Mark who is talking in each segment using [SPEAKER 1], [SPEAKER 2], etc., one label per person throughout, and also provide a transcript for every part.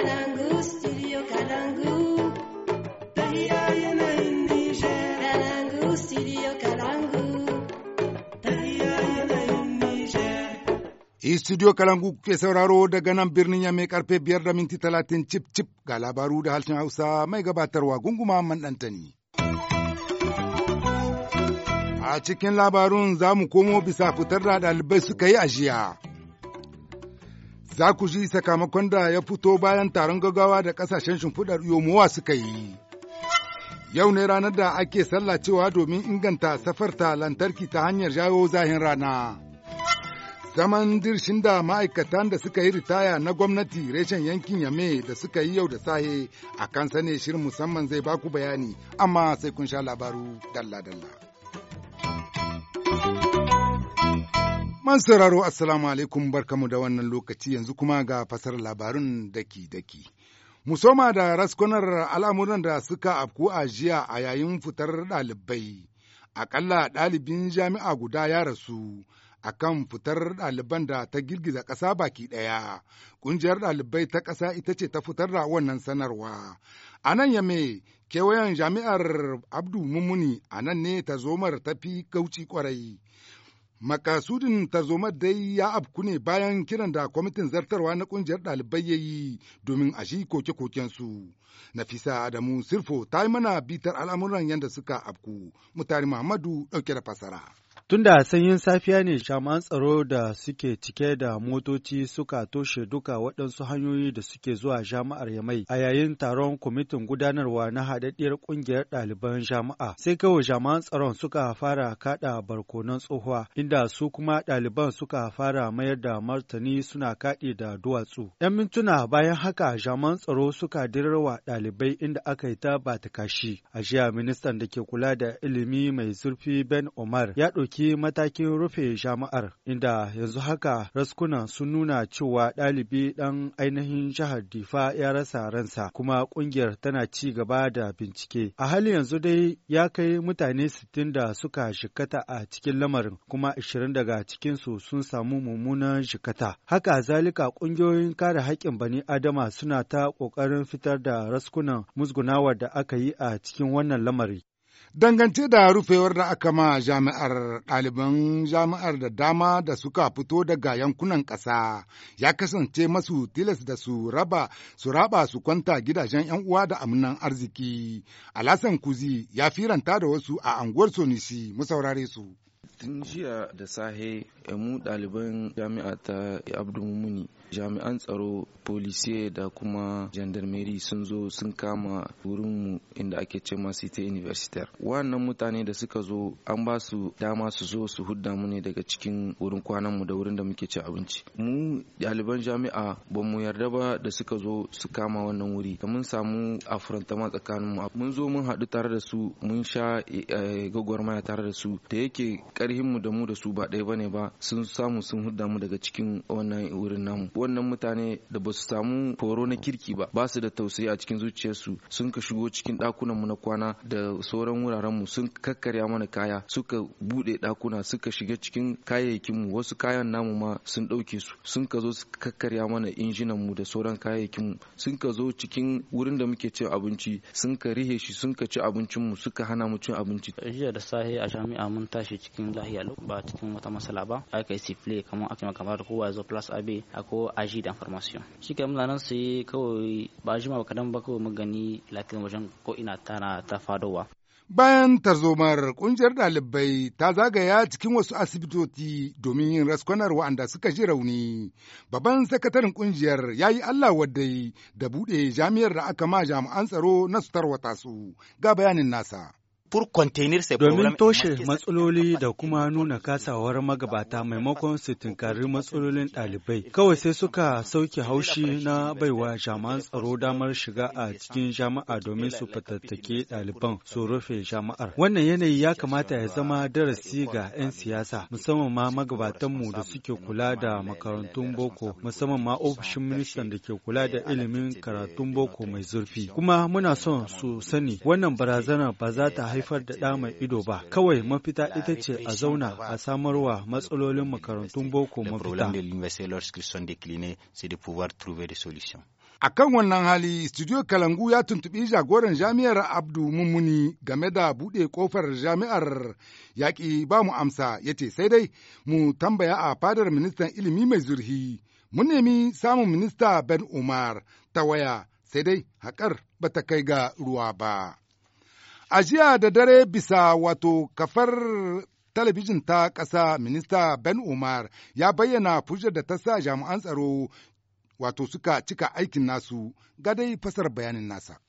[SPEAKER 1] Kalangu, studio Kalangu. Tahira Kalangu, studio
[SPEAKER 2] Kalangu. Kalangu kuke sauraro daga nan birnin ya mai karfe biyar da minti talatin cip cip ga labaru da harshen Hausa mai gabatarwa gunguma man A cikin labarun za mu komo bisa fitar da ɗalibai suka yi a jiya. za ku ji sakamakon da ya fito bayan taron gaggawa da ƙasashen shimfiɗar yomowa suka yi. Yau ne ranar da ake sallacewa domin inganta safarta lantarki ta hanyar jawo zahin rana. Zaman dirshin da ma'aikatan da suka yi ritaya na gwamnati reshen yankin Yame da suka yi yau da sahe a kan sane shirin musamman zai baku bayani, amma sai kun sha labaru dalla-dalla. Masu sauraro Assalamu alaikum barkamu da wannan lokaci yanzu kuma ga fasar labarun daki-daki. Musoma da raskunar al'amuran da suka afku a jiya a yayin fitar ɗalibai, aƙalla ɗalibin jami'a guda ya rasu a kan fitar ɗaliban da ta girgiza ƙasa baki ɗaya. Ƙungiyar ɗalibai ta ƙasa ita ce ta fitar da wannan sanarwa. A nan yame kewayen jami'ar Abdu Mumuni a nan ne ta zomar tafi kauci ƙwarai. Makasudin tarzomar dai ya afku ne bayan kiran da kwamitin zartarwa na kungiyar ɗalibai ya yi domin a shi koke-kokensu. Nafisa Adamu Sirfo ta yi mana bitar al'amuran yadda suka afku, mutari Muhammadu ɗauke da fasara.
[SPEAKER 1] Tunda sanyin safiya ne jami'an tsaro da suke cike da motoci suka toshe duka waɗansu hanyoyi da suke zuwa Jama'ar Yamai a yayin taron kwamitin gudanarwa na haɗaɗɗiyar ƙungiyar ɗaliban Jama'a, Sai kawai jami'an tsaron suka fara kaɗa barkonan tsohuwa inda su kuma ɗaliban suka fara mayar da martani suna kaɗi da duwatsu. ‘Yan mintuna bayan haka jami'an tsaro suka dirarwa ɗalibai inda aka yi ta ba kashi. A jiya ministan da ke kula da ilimi mai zurfi Ben Omar ya ɗauki ɗauki matakin rufe jami'ar inda yanzu haka Raskuna sun nuna cewa ɗalibi ɗan ainihin jihar Difa ya rasa ransa kuma ƙungiyar tana ci gaba da bincike. A hali yanzu dai ya kai mutane sittin da suka shikata a cikin lamarin kuma ashirin daga cikinsu sun samu mummunan shikata. Haka zalika ƙungiyoyin kare haƙƙin bani Adama suna ta ƙoƙarin fitar da raskunan musgunawar da aka yi a cikin wannan lamari. Dangance da rufewar da aka ma jami'ar
[SPEAKER 2] ɗaliban jami'ar da dama da suka fito daga yankunan ƙasa ya kasance masu tilas da su raba su raba su kwanta gidajen 'yan uwa da amnan arziki. Alasan Kuzi ya firanta da wasu a anguwar Sonisi mu saurare su.
[SPEAKER 3] Tun jiya da sahe mu ɗaliban jami'a ta mumuni jami'an tsaro polisiye da kuma Jandarmeri sun zo sun kama wurinmu inda ake ce ma city universitaire wannan mutane da suka zo an ba su dama su zo su hudda mu ne daga cikin wurin kwanan mu da wurin da muke ci abinci mu ɗaliban jami'a ba mu yarda ba da suka zo su kama wannan wuri da mun samu afrantama tsakanin mu mun zo mun haɗu tare da su mun sha eh, maya tare da su da yake karhin mu da mu da su ba ɗaya bane ba sun samu sun hudda mu daga cikin wannan wurin namu wannan mutane da ba su samu horo na kirki ba ba su da tausayi a cikin zuciyarsu sun ka shigo cikin ɗakunanmu na kwana da sauran wuraren mu sun kakkarya mana kaya suka bude ɗakuna suka shiga cikin kayayyakin mu wasu kayan namu ma sun ɗauke su sun ka zo su kakkarya mana injinan da sauran kayayyakin mu sun ka zo cikin wurin da muke cin abinci sun ka rihe shi sun ka ci abincin suka hana mu cin abinci jiya da safe a jami'a mun tashi cikin lahiya
[SPEAKER 1] ba cikin wata matsala ba aka yi sifile kamar aka kamar kowa ya zo plus abe ko. aji da information shi ka mulanan su kawai ba ji ba kadan ba kawai mu gani wajen ko ina tana ta fadowa
[SPEAKER 2] bayan tarzomar kungiyar ɗalibai ta zagaya cikin wasu asibitoci domin yin raskwanar wa'anda suka ji rauni babban sakataren kungiyar ya yi allah wadai da buɗe jami'ar da aka ma jami'an tsaro na sutarwa tarwata su ga bayanin nasa
[SPEAKER 1] Domin toshe matsaloli da kuma nuna kasawar magabata maimakon su tunkari matsalolin ɗalibai, kawai sai suka sauke haushi na baiwa jama'an tsaro damar shiga a cikin jama'a domin su fatattake ɗaliban su rufe jama'ar. Wannan yanayi ya kamata ya zama darasi ga 'yan siyasa, musamman ma magabatanmu da suke kula da makarantun boko, musamman ma ofishin ministan da ke kula da ilimin karatun boko mai zurfi. Kuma muna son su sani wannan barazanar ba za ta haifar da ɗa mai ido ba kawai mafita ita ce a zauna a samarwa matsalolin makarantun boko mafita
[SPEAKER 2] a kan wannan hali studio kalangu ya tuntubi jagoran jami'ar abdu mummuni game da buɗe ƙofar jami'ar yaƙi ba mu amsa ya ce sai dai mu tambaya a fadar ministan ilimi mai zurhi mun nemi samun minista ben umar ta waya sai dai haƙar ba ta kai ga ruwa ba. A jiya da dare bisa wato kafar talabijin ta ƙasa minista Ben Umar ya bayyana fujar da ta sa jami'an tsaro wato suka cika aikin nasu ga dai fasar bayanin nasa.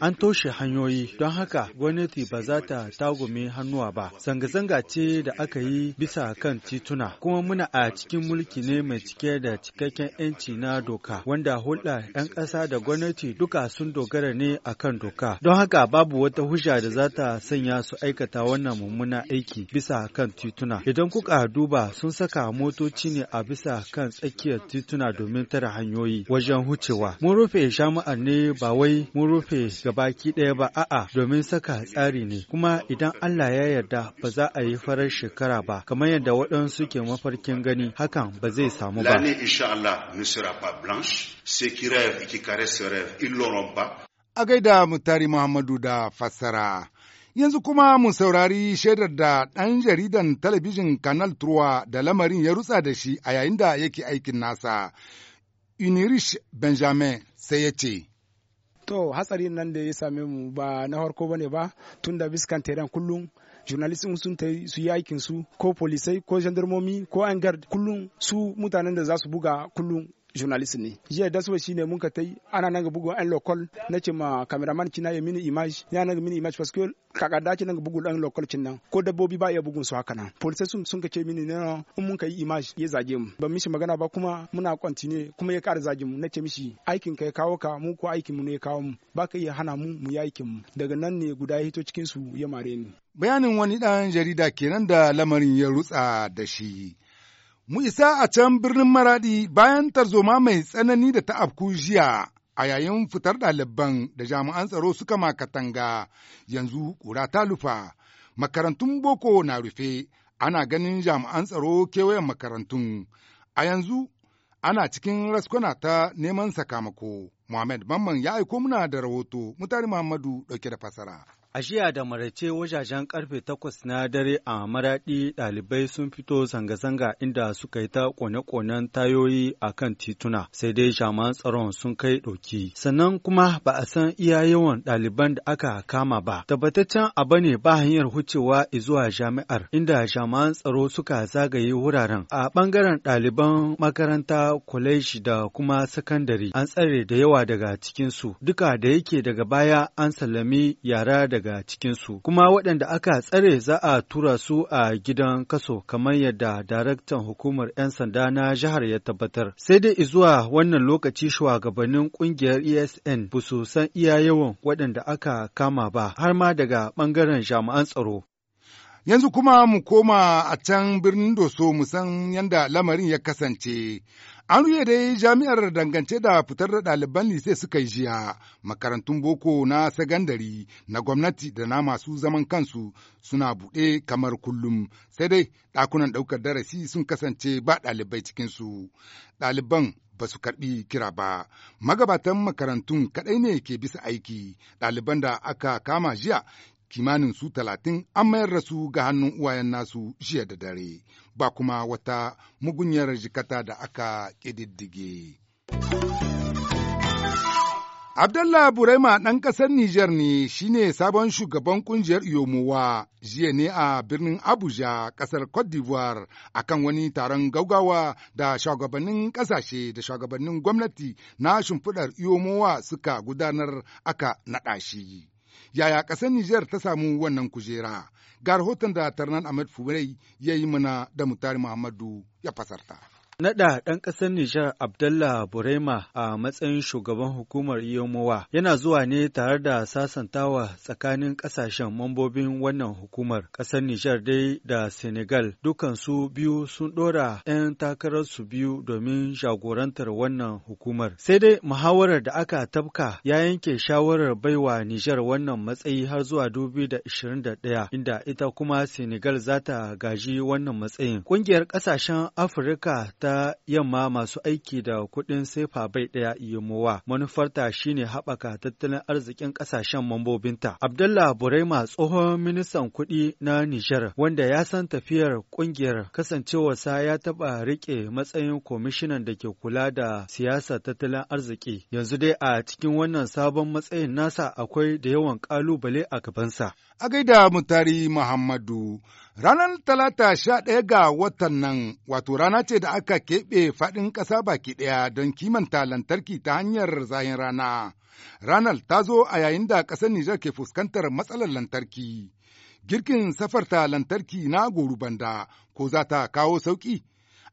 [SPEAKER 1] An toshe hanyoyi don haka gwamnati ba za ta tagume hannuwa ba. Zanga-zanga ce da aka yi bisa kan tituna, kuma muna a cikin mulki ne mai cike da cikakken 'yanci na doka, wanda hulɗa 'yan ƙasa da gwamnati duka sun dogara ne a kan doka. Don haka babu wata hujja da za ta sanya su aikata wannan mummuna aiki bisa kan tituna. Idan kuka duba sun saka motoci ne a bisa kan tsakiyar tituna domin tare hanyoyi wajen hucewa. Mun rufe jama'a sa'an ne ba wai mun rufe gabaki ɗaya ba a'a domin saka tsari ne kuma idan Allah ya yarda ba za a yi farar shekara ba kamar yadda waɗansu ke mafarkin gani hakan ba zai samu ba.
[SPEAKER 2] A gaida mutari Muhammadu da fassara. Yanzu kuma mu saurari shaidar da ɗan jaridan talabijin Canal Truwa da lamarin ya rutsa da shi a yayin da yake aikin nasa. Inirish Benjamin sai ya ce. To hatsari nan da ya same mu ba na harko bane ba tun da biskan teren kullum journalist sun ta su yi aikin su ko polisai ko gendarmomi ko an guard kullum su mutanen da za su buga kullum journalist ne jiya daswa shine mun ka tai ana nan ga bugun an local na ce ma cameraman cina ya mini image ya nan mini image parce que kaka dace nan ga bugu an local cin nan ko dabbobi ba iya bugun su haka nan police sun sun ka ce mini na in mun kai image ya zage mu ban mishi magana ba kuma muna continue kuma ya kara zage mu nace mishi aikin ka ya kawo ka mu ko aikin mu ne ya kawo mu ba ka iya hana mu mu yi aikin mu daga nan ne guda ya hito cikin su ya mare ni bayanin wani dan jarida kenan da lamarin ya rutsa da shi mu isa a can birnin Maradi bayan tarzoma mai tsanani da ta afku jiya a yayin fitar ɗaliban da jami'an tsaro suka makatanga yanzu ƙura ta lufa. Makarantun boko na rufe, ana ganin jami'an tsaro kewayen makarantun. A yanzu ana cikin raskwana ta neman sakamako. Muhammad Mamman ya aiko muna da rahoto, mutane Muhammadu ɗauke da fasara.
[SPEAKER 1] A jiya da marace wajajen karfe takwas na dare a maraɗi ɗalibai sun fito zanga-zanga inda suka yi ta kone-konen tayoyi a kan tituna sai dai jaman tsaron sun kai ɗauki. Sannan kuma ba a san iya yawan ɗaliban da aka kama ba. Tabbataccen abu ne ba hanyar hucewa zuwa jami'ar inda jaman tsaro suka zagaye wuraren. A bangaren ɗaliban makaranta kwaleji da kuma sakandare an tsare da yawa daga cikinsu duka da yake daga baya an sallami yara daga daga cikinsu. Kuma waɗanda aka tsare za a tura su a gidan kaso kamar yadda daraktan hukumar 'yan sanda na jihar ya tabbatar. Sai dai zuwa wannan lokaci shugabannin ƙungiyar ESN ba su san iya yawan waɗanda aka kama ba har ma daga ɓangaren jami'an tsaro. Yanzu
[SPEAKER 2] kuma mu koma a can birnin Doso mu san yadda lamarin ya kasance. An ruye dai jami'ar dangance da fitar da ɗaliban lise suka yi jiya, makarantun boko na sagandari na gwamnati da na masu zaman kansu suna buɗe kamar kullum, sai dai ɗakunan ɗaukar darasi sun kasance ba ɗalibai cikinsu. Ɗaliban ba su karɓi kira ba, magabatan makarantun kaɗai ne ke bisa aiki, ɗaliban da aka kama jiya kimanin su talatin an mayar da su ga hannun uwayen nasu jiya da dare ba kuma wata mugunyar jikata da aka ƙididdige. Abdallah Burema ɗan ƙasar Nijar ne shi ne sabon shugaban ƙungiyar Iyomowa jiya ne a birnin Abuja ƙasar Cote d'Ivoire akan wani taron gaugawa da shugabannin ƙasashe da shugabannin gwamnati na shimfiɗar Iyomowa suka gudanar aka naɗa shi. Yaya ƙasar Nijar ta samu wannan kujera? Ga rahoton da Tarnan Ahmed Furai ya yi mana da Mutari Muhammadu ya fasarta.
[SPEAKER 1] Naɗa ɗan ƙasar Nijar Abdallah Burema a matsayin shugaban hukumar Yomowa yana zuwa ne tare da sasantawa tsakanin ƙasashen mambobin wannan hukumar. Ƙasar Nijar dai da Senegal dukansu biyu sun ɗora 'yan takararsu biyu domin jagorantar wannan hukumar. Sai dai muhawarar da aka tabka ya yanke shawarar baiwa Nijar wannan matsayi har zuwa 2021 inda ita kuma Senegal za ta gaji wannan matsayin. Ƙungiyar ƙasashen Afirka ta ta yamma masu aiki da kuɗin sefa bai ɗaya iyomowa manufarta shine haɓaka tattalin arzikin ƙasashen mambobinta. Abdullah Buraima tsohon ministan kuɗi na Nijar wanda ya san tafiyar ƙungiyar kasancewarsa ya taɓa riƙe matsayin kwamishinan da ke kula da siyasa tattalin arziki. Yanzu dai a cikin wannan sabon matsayin nasa akwai da yawan ƙalubale a gabansa. A gaida Mutari Muhammadu
[SPEAKER 2] Ranar Talata sha ɗaya ga watan nan, wato rana ce da aka keɓe faɗin ƙasa baki ɗaya don kimanta lantarki ta hanyar zayin rana. Ranar ta zo a yayin da ƙasar Nijar ke fuskantar matsalar lantarki. Girkin safarta lantarki na banda ko za ta kawo sauƙi?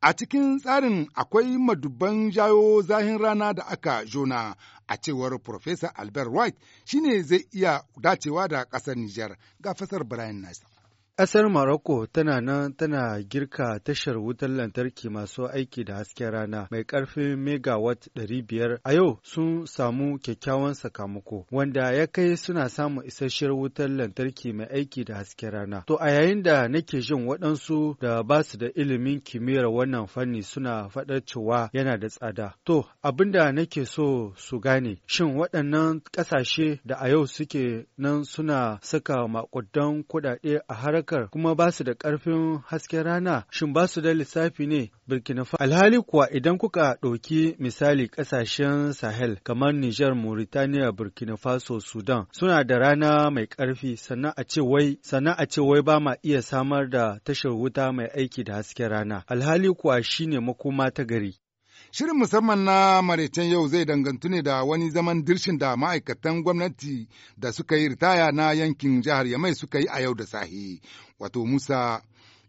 [SPEAKER 2] A cikin tsarin akwai madubban jayo zahin rana da aka jona a cewar Profesa Albert White shine zai iya dacewa da ƙasar Nijar ga fasar Brian Nasa.
[SPEAKER 1] Ƙasar Morocco tana nan tana girka tashar wutar lantarki masu aiki da hasken rana mai ƙarfin megawatt ɗari biyar a yau sun samu kyakkyawan sakamako wanda ya kai suna samun isasshiyar wutar lantarki mai aiki da hasken rana. To a yayin da nake jin waɗansu da ba su da ilimin kimiyyar wannan fanni suna faɗar cewa yana da tsada. To abin da nake so su gane shin waɗannan ƙasashe da a yau suke nan suna saka maƙudan kuɗaɗe a harkar Abubakar kuma ba su da ƙarfin hasken rana shin ba su da lissafi ne Burkina Faso. Alhali kuwa idan kuka ɗauki misali ƙasashen Sahel kamar Nijar, Mauritania, Burkina Faso, Sudan suna da rana mai ƙarfi sannan a ce wai sannan a ce wai ba ma iya samar da tashar wuta mai aiki da hasken rana. Alhali kuwa shine makoma ta gari.
[SPEAKER 2] Shirin musamman na maraicen yau zai dangantu ne da wani zaman dirshin da ma'aikatan gwamnati da suka yi ritaya na yankin jihar Yamai suka yi a yau da sahi. Wato Musa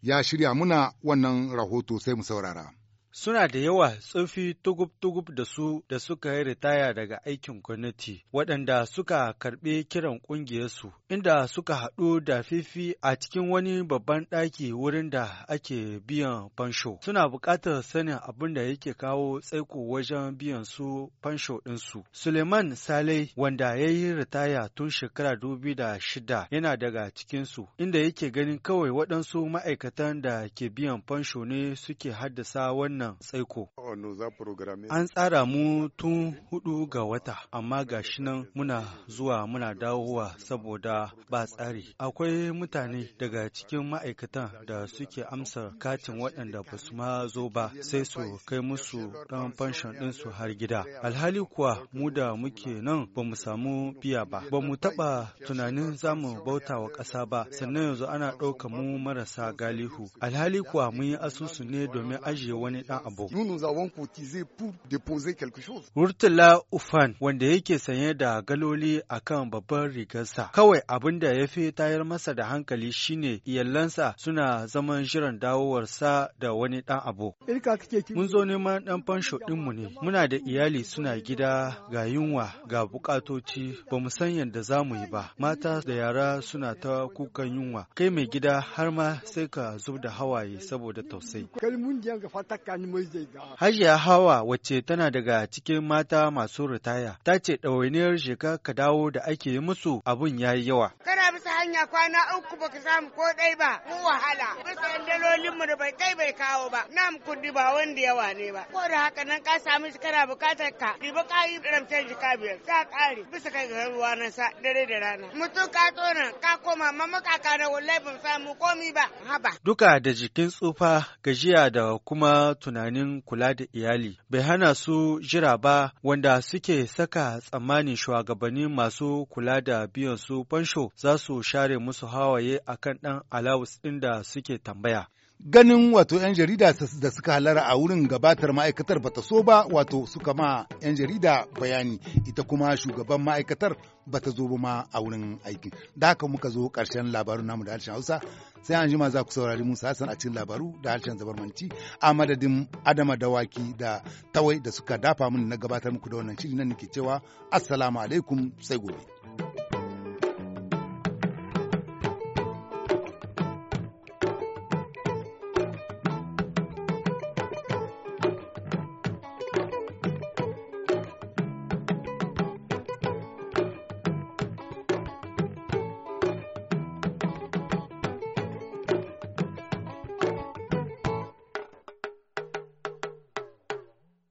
[SPEAKER 2] ya shirya muna wannan rahoto sai mu saurara.
[SPEAKER 1] Suna da yawa tsofi tugub-tugub da su da suka yi ritaya daga aikin gwamnati, waɗanda suka karɓi kiran ƙungiyarsu, inda suka haɗu da fifi a cikin wani babban ɗaki wurin da ake biyan fansho. Suna buƙatar sanin abin da yake kawo tsaiko wajen biyan su fansho ɗinsu. Suleiman Sale, wanda ya yi ritaya tun shekara dubi da shida, yana daga cikinsu, inda yake ganin kawai waɗansu ma'aikatan da ke biyan fansho ne suke haddasa wannan wannan tsaiko.
[SPEAKER 2] Oh, An
[SPEAKER 1] tsara mu tun hudu ga wata, amma ga shi nan muna zuwa muna dawowa saboda ba tsari. Akwai mutane daga cikin ma'aikatan da suke amsa katin waɗanda ba su ma zo ba sai su kai musu ɗan fanshon ɗinsu har gida. Alhali kuwa mu da muke nan ba mu samu biya ba. Ba mu taɓa tunanin za mu bauta wa ƙasa ba, sannan yanzu ana ɗauka mu marasa galihu. Alhali kuwa mun yi asusu ne domin ajiye wani dan Murtala Ufan wanda yake sanye da galoli a kan babban rigarsa. Kawai abin da ya fi tayar masa da hankali shine iyalansa suna zaman jiran dawowarsa da wani dan abu. Mun zo neman ɗan fansho ɗinmu ne. Muna da iyali suna gida ga yunwa ga bukatoci ba mu san yadda za mu yi ba. Mata da yara suna ta kukan yunwa. Kai mai gida har ma sai ka zub da hawaye saboda tausayi. Hajiya Hawa wacce tana daga cikin mata masu ritaya ta ce ɗawainiyar shekara ka dawo da ake yi musu abun ya yi yawa. hanya kwana uku baka samu ko ɗai ba mu wahala bisa dalolin mu da bai kai bai kawo ba Na mu kudi ba wanda yawa ne ba ko da haka nan ka samu shi kana bukatar ka riba ka yi ramtar jika biyar sa kare. bisa kai ga ruwa na sa dare da rana mutum ka tona ka koma mamma kaka na wallahi ban samu komi ba haba duka da jikin tsufa gajiya da kuma tunanin kula da iyali bai hana su jira ba wanda suke saka tsammanin shugabanni masu kula da biyan su fansho za su share musu hawaye akan ɗan alawus ɗin da suke tambaya.
[SPEAKER 2] Ganin wato 'yan jarida da suka halara a wurin gabatar ma'aikatar bata so ba wato suka ma 'yan jarida bayani ita kuma shugaban ma'aikatar bata zo ba ma a wurin aikin. Da haka muka zo ƙarshen labarun namu da harshen Hausa sai an jima za ku saurari Musa Hassan a cikin labaru da harshen zabarmanci a madadin Adama Dawaki da Tawai da suka dafa min na gabatar muku da wannan shirin nan nake cewa Assalamu alaikum sai gobe.